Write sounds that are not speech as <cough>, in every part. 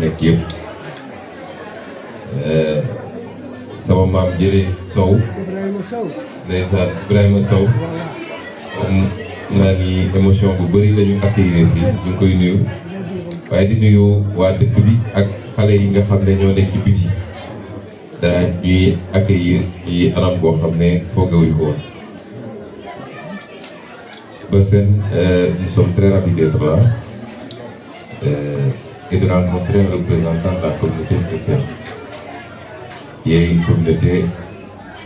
nekk yëpp euh, sama maam jëri Sow ndeysaan Ibrahima Sow am naa émotion bu bari lañu ñu accueillir fii ñu ngi koy nuyu waaye di nuyu waa dëkk bi ak xale yi nga xam ne nekk ci biti daa ñuy accueillir yi anam boo xam ne foogewuñu ko woon ba seen euh, nous sommes très ravis est rencontré un représentant de la communauté chrétienne, qui est une communauté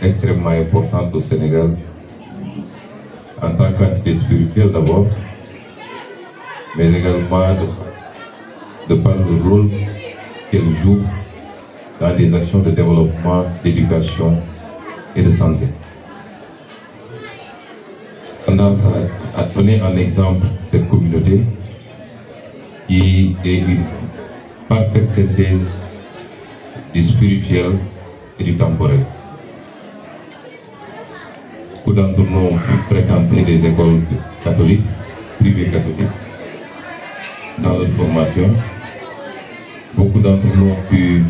extrêmement importante au Sénégal, en tant qu'entité spirituelle d'abord, mais également de, de par rôle qu'elle joue dans des actions de développement, d'éducation et de santé. On a donné un exemple cette communauté qui est parfaite synthèse du spirituel et du temporel. Beaucoup d'entre nous ont fréquenté des écoles catholiques, privées catholiques, dans leur Beaucoup d'entre nous pu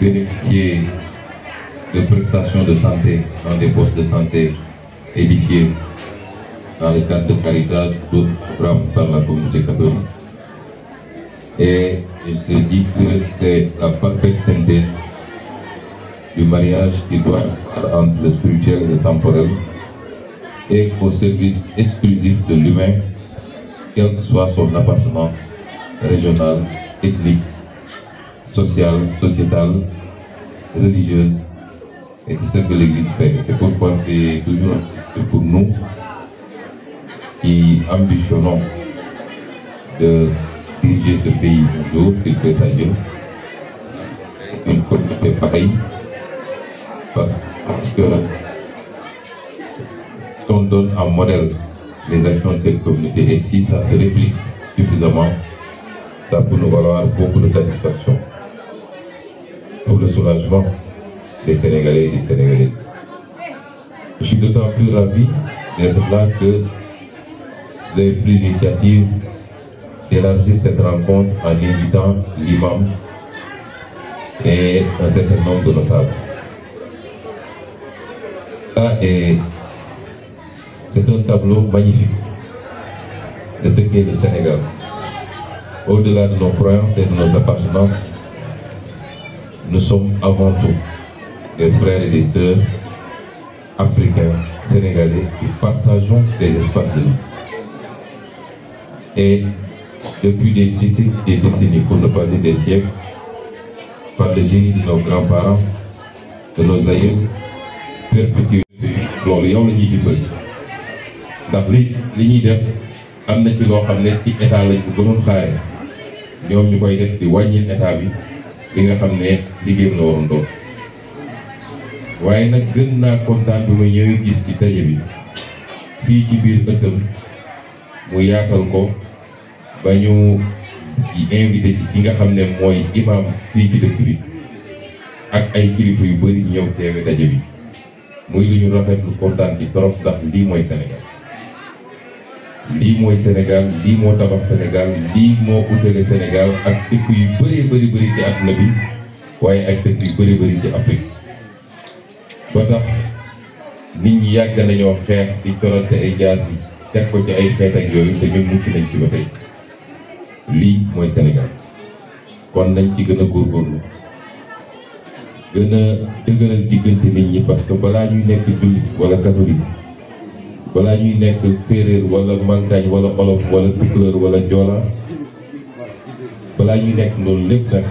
bénéficier de prestations de santé dans des postes de santé édifiés dans le cadre de Caritas, d'autres programmes par la communauté catholique. Et je dis que c'est la parfaite synthèse du mariage qui doit entre le spirituel et le temporel et au service exclusif de l'humain, quelle que soit son appartenance régionale, ethnique, sociale, sociétale, religieuse. Et c'est ce que l'Église fait. C'est pourquoi c'est toujours pour nous qui ambitionnons diriger communauté pareille. Parce, parce que donne en modèle les actions de cette communauté. Et si se réplique suffisamment, ça peut nous valoir beaucoup de satisfaction pour le soulagement des Sénégalais et des Je suis d'autant plus ravi d'être là que vous avez pris l'initiative d'élargir cette rencontre en invitant l'imam et un certain nombre de notables. Ah, c'est un tableau magnifique de ce qu'est le Sénégal. Au-delà de nos croyances et de nos appartenances, nous sommes avant tout des frères et des sœurs africains, sénégalais qui partageons des espaces de vie. depuis des décennies, des décennies, pour ne pas dire des siècles, par le génie de nos grands de nos aïeux, perpétué loolu yow la ñuy dimbali ndax li li ñuy def am na ci loo xam ne ci état lañ ko gënoon xaare ñoom ñu koy def di wàññil état bi li nga xam ne liggéey la waroon waaye nag gën naa kontaan bi ma ñëwee gis ci daje bi fii ci biir ëttam mu yaatal ko ba ñu invité ci ki nga xam ne mooy imam fii ci dëkk bi ak ay kilifa yu bari ñëw teewe daje bi muy lu ñu rafetlu kontaan ci trop ndax lii mooy Sénégal lii moo tabax Sénégal lii moo utale Sénégal ak dëkk yu bëree bëri bëri ci àdduna waaye ak dëkk yu bëri bëri ci Afrique ba tax nit ñi yàgg nañoo xeex di corante ay jaas yi teg ko ci ay xeet ak yooyu te ñun mucc nañ ci ba tey lii mooy Sénégal kon nañ ci gën a góorgóorlu gën a dëgëral diggante nit ñi parce que balaa ñuy nekk jullit wala catholique balaa ñuy nekk séeréer wala mankañ wala olof wala tukulóor wala joola balaa ñuy nekk loolu lépp nag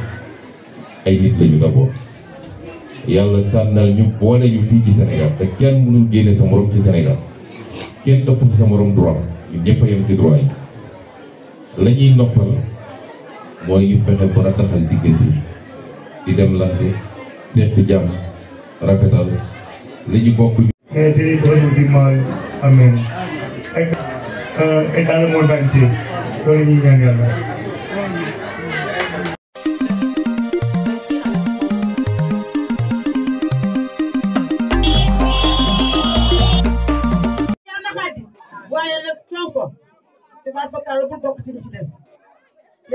ay nit lañu d'abord yàlla tànnal ñu boole ñu fii ci Sénégal te kenn mënul génne sa morom ci Sénégal kenn topp sa morom droit ñu ñëpp a yem lañuy ñuy noppal mooy ñu fexe ba rataxal diggante di dem lante seq jàmm rafetal li ñu bokk. mais tey projet bi mooy amee. ay euh, ay dans le monde entier loolu la ñuy ñaan yàlla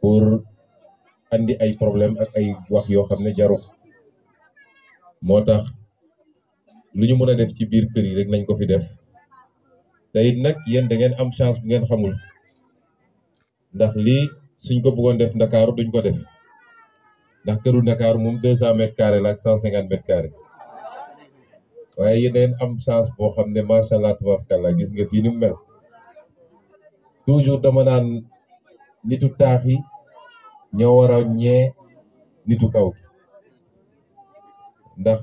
pour andi ay problème ak ay wax yoo xam ne jaru moo tax lu ñu mën a def ci biir kër yi rek nañ ko fi def te it nag yéen da ngeen am chance bu ngeen xamul ndax lii suñ ko bëggoon def ndakaaru duñ ko def ndax këru ndakaaru moom deux cent mètres carrés la ak cent cinquante mètres carrés waaye yéen da am chance boo xam ne macha allah tabarakallah gis nga fii ni mu mel toujours dama naan nitu taax ñoo war a ñee nitu kaw gi ndax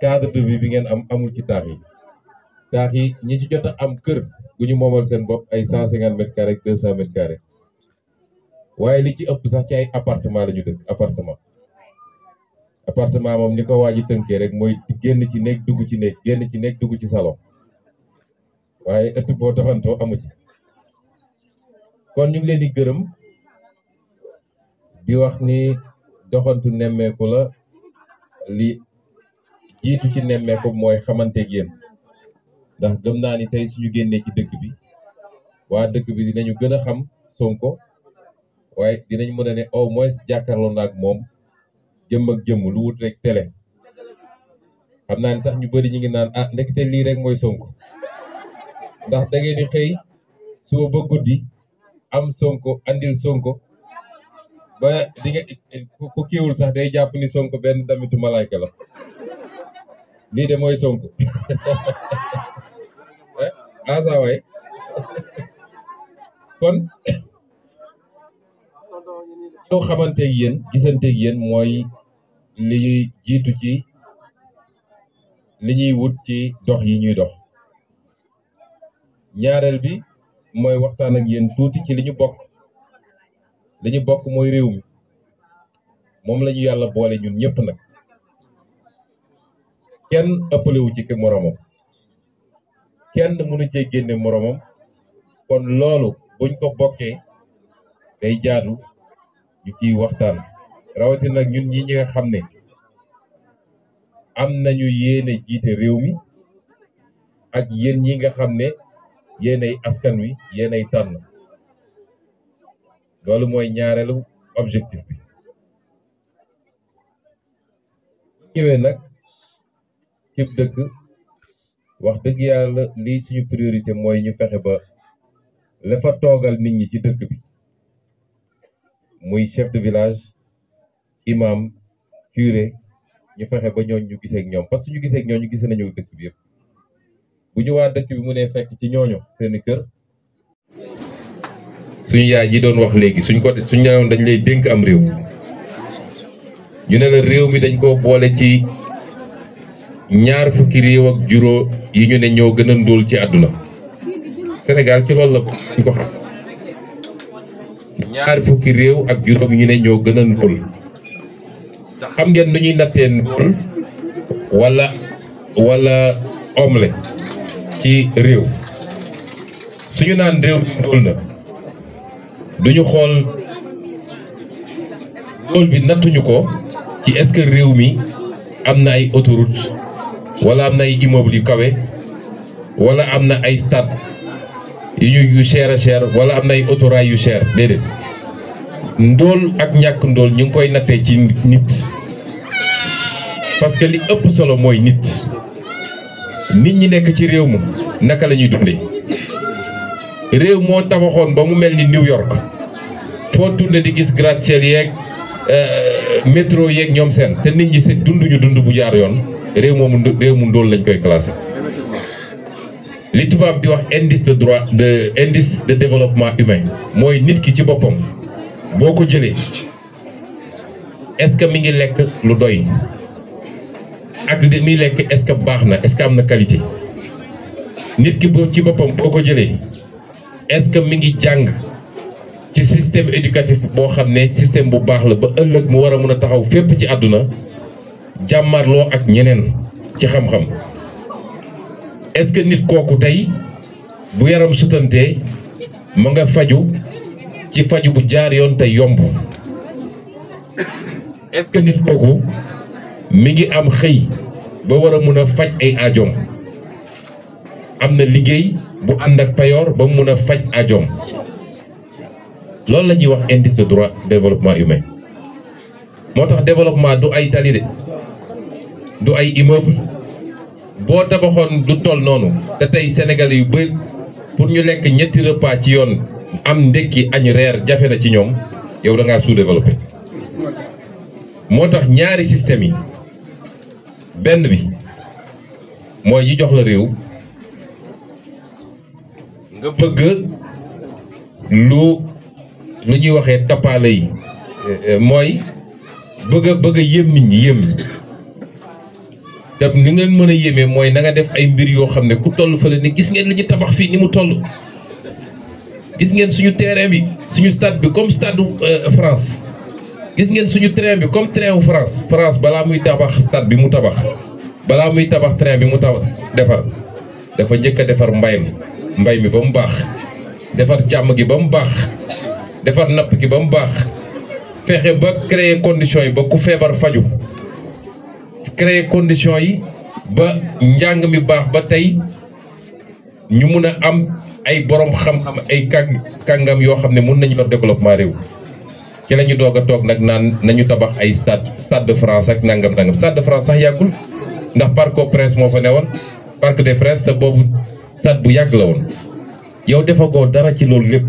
cadre de vie bi ngeen am amul ci taax yi yi ñi ci jot am kër gu ñu moomal seen bopp ay cent cinquante mètres carrés deux cent mètres carrés waaye li ci ëpp sax ci ay appartement la ñu dëkk appartement appartement moom ni ko waaji tënkee rek mooy génn ci nekk duggu ci néeg génn ci nekk duggu ci salo waaye ëtt boo doxantoo amu ci kon ñu ngi leen di gërëm di wax ni doxantu nemmeeku la li jiitu ci nemmeeku mooy xamante ak ndax gëm naa ni tey suñu génnee ci dëkk bi waa dëkk bi dinañu gën a xam Sonko waaye dinañ mën a ne au moins jàkkaarloo na ak moom jëmm ak jëmm lu wut rek tele xam naa ni sax ñu bari ñu ngi naan ah ndekete lii rek mooy Sonko ndax da ngeen di xëy suba ba guddi am Sonko andil Sonko ba di ku kiiwul sax day jàpp ni Sonko benn damitu malaayka la lii de mooy Sonko ah <laughs> eh, saa waay kon loo xamanteeg yéen gisanteeg yéen mooy li jiitu ci li ñuy wut ci dox yi ñuy dox ñaareel bi mooy waxtaan ak yéen tuuti ci li ñu bokk. li bokk mooy réew mi moom lañu yàlla boole ñun ñëpp nag kenn ëppalewu ci ki moromam kenn mënu cee génne moroomam kon loolu buñ ko bokkee day jaadu ñu ciy waxtaan rawatina nag ñun ñi ñi nga xam ne am nañu yéene jiite réew mi ak yéen ñi nga xam ne yéenay askan wi yéenay tànn loolu mooy ñaareelu objectif bi ñëwee nag ci dëkk wax dëgg yàlla lii suñu priorité mooy ñu fexe ba la fa toogal nit ñi ci dëkk bi muy chef de village imam curé ñu fexe ba ñooñ ñu gisee ñoom parce que ñu gisee ak ñu gisee nañu dëkk bi yëpp bu ñu waa dëkk bi mu ne fekk ci ñooñu seeni kër suñu yaay ji doon wax léegi suñ ko suñ ñaawoon dañ lay dénk am réew ñu ne réew mi dañ ko boole ci ñaar fukki réew ak juróom yi ñu ne ñoo gën a ndóol ci àdduna Sénégal ci loolu la ko ñu ko xam ñaar fukki réew ak juróom yi ne ñoo gën a ndóol xam ngeen nu ñuy nattee ndóol wala wala omle ci réew suñu naan réew ndóol na du ñu xool loolu bi nattuñu ko ci est-ce réew mi am na ay autoroute wala am na ay immeuble yu kawe wala am na ay stade yu yu cher a cher wala am na ay autorail yu cher déedéet ndóol ak ñàkk ndóol ñu ngi koy nattee ci nit parce que li ëpp solo mooy nit nit ñi nekk ci réew mi naka la ñuy dundee réew moo tabaxoon ba mu mel ni New York foo tourné di gis gratte-ciel yeeg euh, métro yeeg ñoom seen te nit ñi se ñu dund bu jaar yoon réew moomu réew mu lañ koy classé li tubaab di wax indice de droit de indice de développement humain mooy nit ki ci boppam boo ko jëlee est-ce que mi ngi lekk lu doy ak li muy lekk est-ce que baax na est am na qualité nit ki ci boppam boo ko jëlee est-ce que mi ngi jàng ci système éducatif boo xam ne système bu baax la ba ëllëg mu war a mën a taxaw fépp ci àdduna jàmmarloo ak ñeneen ci xam est-ce que nit kooku tey bu yaram sutantee ma nga faju ci faju bu jaar yoon te yomb est-ce que nit kooku mi ngi am xëy ba war a mun a faj ay aajoom am na liggéey bu ànd ak payoor ba mun a faj ajoom loolu la ñuy wax indice de droit développement humain moo tax développement du ay tali de du ay immeuble boo tabaxoon du toll noonu te tey sénégalais yu bëri pour ñu lekk ñetti repas ci yoon am ndékki añ reer jafe na ci ñoom yow da ngaa sous moo tax ñaari système yi benn bi mooy ñu jox la réew nga bëgg lu lu ñuy waxee tappaale yi euh, euh, mooy bëgg bëgg a yëm nit ñi yëm te ni ngeen mën a yéemee mooy na nga def ay mbir yoo xam ne ku toll fële ni gis ngeen li ñu tabax fii ni mu toll gis ngeen suñu terrain bi suñu stade bi comme stade euh, France gis ngeen suñu train bi comme train wu France France balaa muy tabax stade bi mu tabax balaa muy tabax train bi mu tabax defar dafa njëkk a defar mbay mi mbay mi ba mu baax defar jàmm gi ba mu baax defar napp gi ba mu baax fexe ba créer conditions yi ba ku feebar faju créer conditions yi ba njàng mi baax ba tey ñu mun a am ay borom xam-xam ay kàng kàngam yoo xam ne mun nañu yor développement réew ci la ñu doog a toog nag naan nañu tabax ay stade stade de France ak nangam nangam stade de France sax yàggul ndax parc prince moo fa newoon parc des princes te boobu. stade bu yàgg la woon yow defagoo dara ci loolu lépp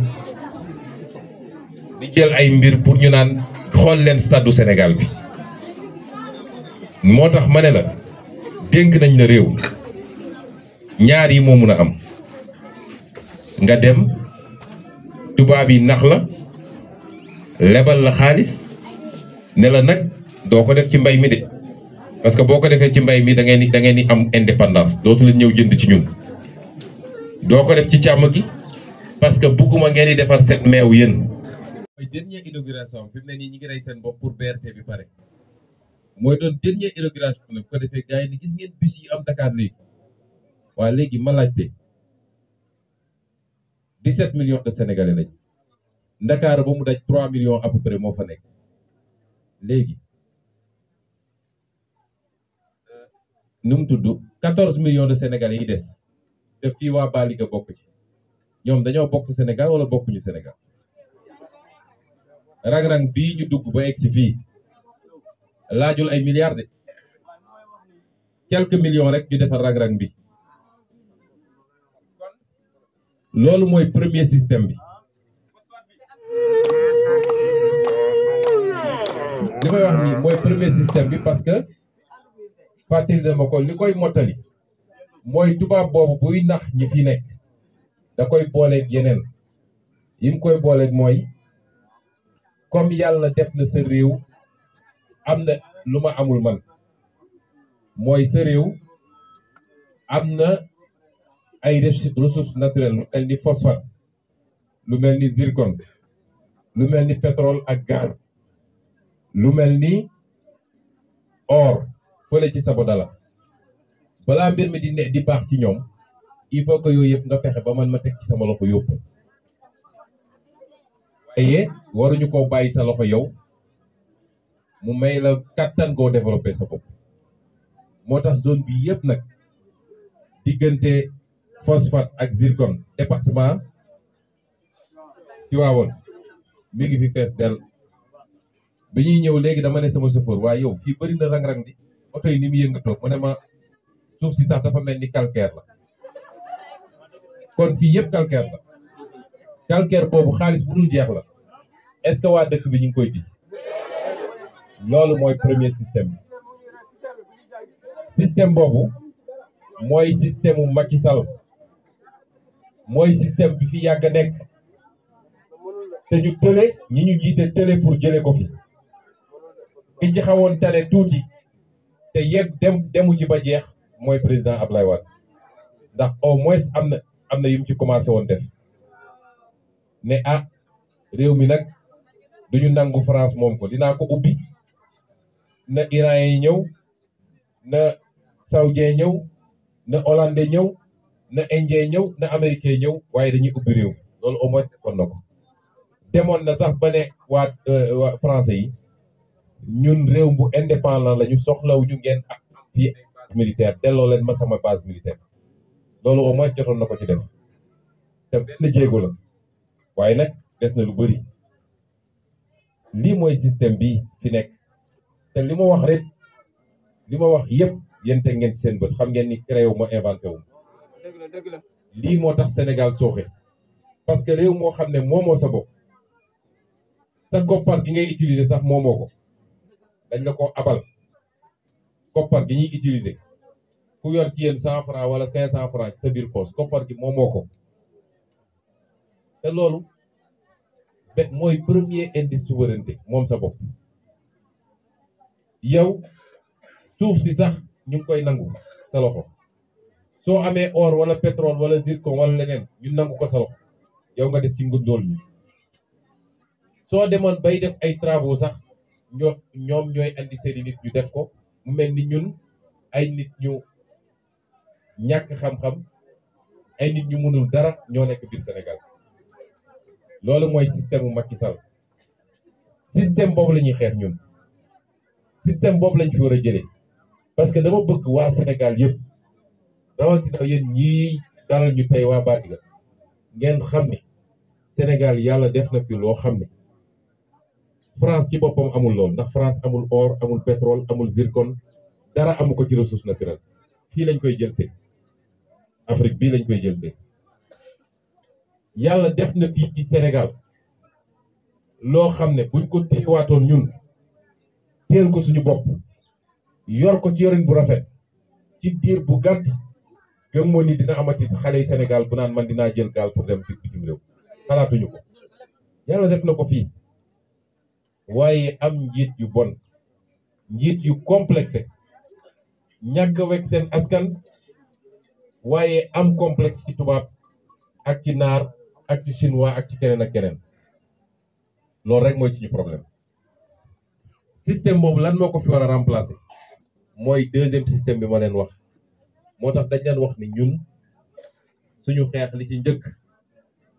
di jël ay mbir pour ñu naan xool leen stade senegal bi moo tax ma ne la dénk nañ na réew ñaar yi moo mun a am nga dem tubaab yi nax la lebal la xaalis ne la nag doo ko def ci mbay mi de parce que boo ko defee ci mbay mi da ngay ni da ngay am indépendance dootu leen ñëw jënd ci ñun doo ko def ci càmm gi parce que bugguma ngeen di defar set meew yéen. mooy dernière inauguration fi mu ne nii ñu ngi rey seen bopp pour BRT bi pare mooy doon dernière inauguration nag bu ko defee gars yi ni gis ngeen bus yi am Dakar léegi waa léegi ma laajte 17 millions de sénégalais lañ Dakar ba mu daj 3 millions à pare moo fa nekk léegi. Euh, nu mu tudd 14 million de sénégalais yi des. te fii waa Baliga bokk ci ñoom dañoo bokk Sénégal wala bokkuñu Sénégal ragran bi ñu dugg ba egg si fii laajul ay milliards de quelques millions rek ñu defar rang bi loolu mooy premier système bi li may wax ni mooy premier système bi parce que partir de ma ko li koy mottali mooy tubaab boobu buy nax ñi fi nekk da koy booleeg yeneen yim koy booleeg mooy comme yàlla def na sa réew am na lu ma amul man mooy sa réew am na ay ressources naturelles lu mel ni phosphate lu mel ni zircon lu mel ni pétrole ak gaz lu mel ni or fële ci Sabodala balaa mbir mi di ne di baax ci ñoom il faut que yooyu yëpp nga fexe ba man ma teg ci sama loxo yóbbu waaye waruñu koo bàyyi sa loxo yow mu may la kattan goo développé sa bopp moo tax zone bi yëpp nag diggante phosphate ak zircon département Tivaouane mi ngi fi fees del bi ñuy ñëw léegi dama ne sama chauffeur waaye yow fii bëri na rang-rang di oto yi ni mu yëngatoo mu ne ma suuf si sax dafa mel ni calcaire la kon fii yëpp calcaire la calcaire boobu xaalis bu dul jeex la est-ce que waa dëkk bi ñu ngi koy gis loolu mooy premier système bi système boobu mooy système mu Macky sal mooy système bi fi yàgg a nekk te ñu tële ñi ñu jiite tële pour jële ko fi ki ci xawoon tane tuuti te yegg dem demu ci ba jeex mooy président Ablaye waat ndax au moins am na am na yu mu ci commencé woon def ne a ah, réew mi nag duñu nangu France moom ko dinaa ko ubbi na Iran yi ñëw na saoudien ñëw na hollandais ñëw na indien ñëw na américain ñëw waaye dañuy ubbi réew loolu au moins defoon na ko demoon na sax ba ne waa euh, français yi ñun réew bu indépendant la ñu soxlaw ñu ngeen ak fii militaire delloo leen ma sama base militaire loolu au moins jotoon na ko ci def te benn jéego la waaye nag des na lu bari lii mooy système bi ci nekk te li ma wax rek li ma wax yépp yéen ngeen seen bët xam ngeen ni créé wu ma inventé wu lii moo tax Sénégal sooxe parce que réew moo xam ne moo sa bopp sa koppar gi ngay utiliser sax moomoo ko dañ na ko abal koppar gi ñuy utiliser ku yor ci yéen cent franc wala cinq cent franc ci sa biir poche koppar gi moom moo ko te loolu be mooy premier indice souveraineté moom sa bopp yow suuf si sax ñu ngi koy nangu sa loxo soo amee or wala pétrole wala zircon wala leneen ñu nangu ko sa loxo yow nga des ci ngundool mi soo demoon bay def ay travaux sax ñoo ñoom ñooy andi seeni nit ñu def ko mu mel ni ñun ay nit ñu ñàkk xam-xam ay nit ñu mënul dara ñoo nekk biir Sénégal loolu mooy système mu Macky Sall système boobu la ñuy xeex ñun système boobu lañ fi war a jëlee parce que dama bëgg waa Sénégal yëpp rawatina yéen ñii dalal ñu tey waa Bandiga ngeen xam ni Sénégal yàlla def na fi loo xam ne France ci boppam amul lool ndax France amul or amul pétrole amul zircon dara amu ko ci ressource naturelle fii lañ koy jël see Afrique bii lañ koy jël see yàlla def na fii ci Sénégal loo xam ne buñ ko téyewaatoon ñun teel ko suñu bopp yor ko ci yorin bu rafet ci diir bu gàtt gëm moo ni dina amati xale yi Sénégal bu naan man dinaa jël gaal pour dem bitim réew xalaatuñu ko yàlla def na ko fii waaye am njiit yu bon njiit yu complexe ñàkk wekk seen askan waaye am complex ci tubaab ak ci naar ak ci chinois ak ci keneen ak keneen loolu rek mooy suñu problème système boobu lan moo ko fi war a remplacer mooy deuxième système bi ma leen wax moo tax dañ leen wax ni ñun suñu xeex li ci njëkk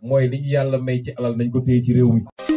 mooy li yàlla may ci alal nañ ko téye ci réew mi.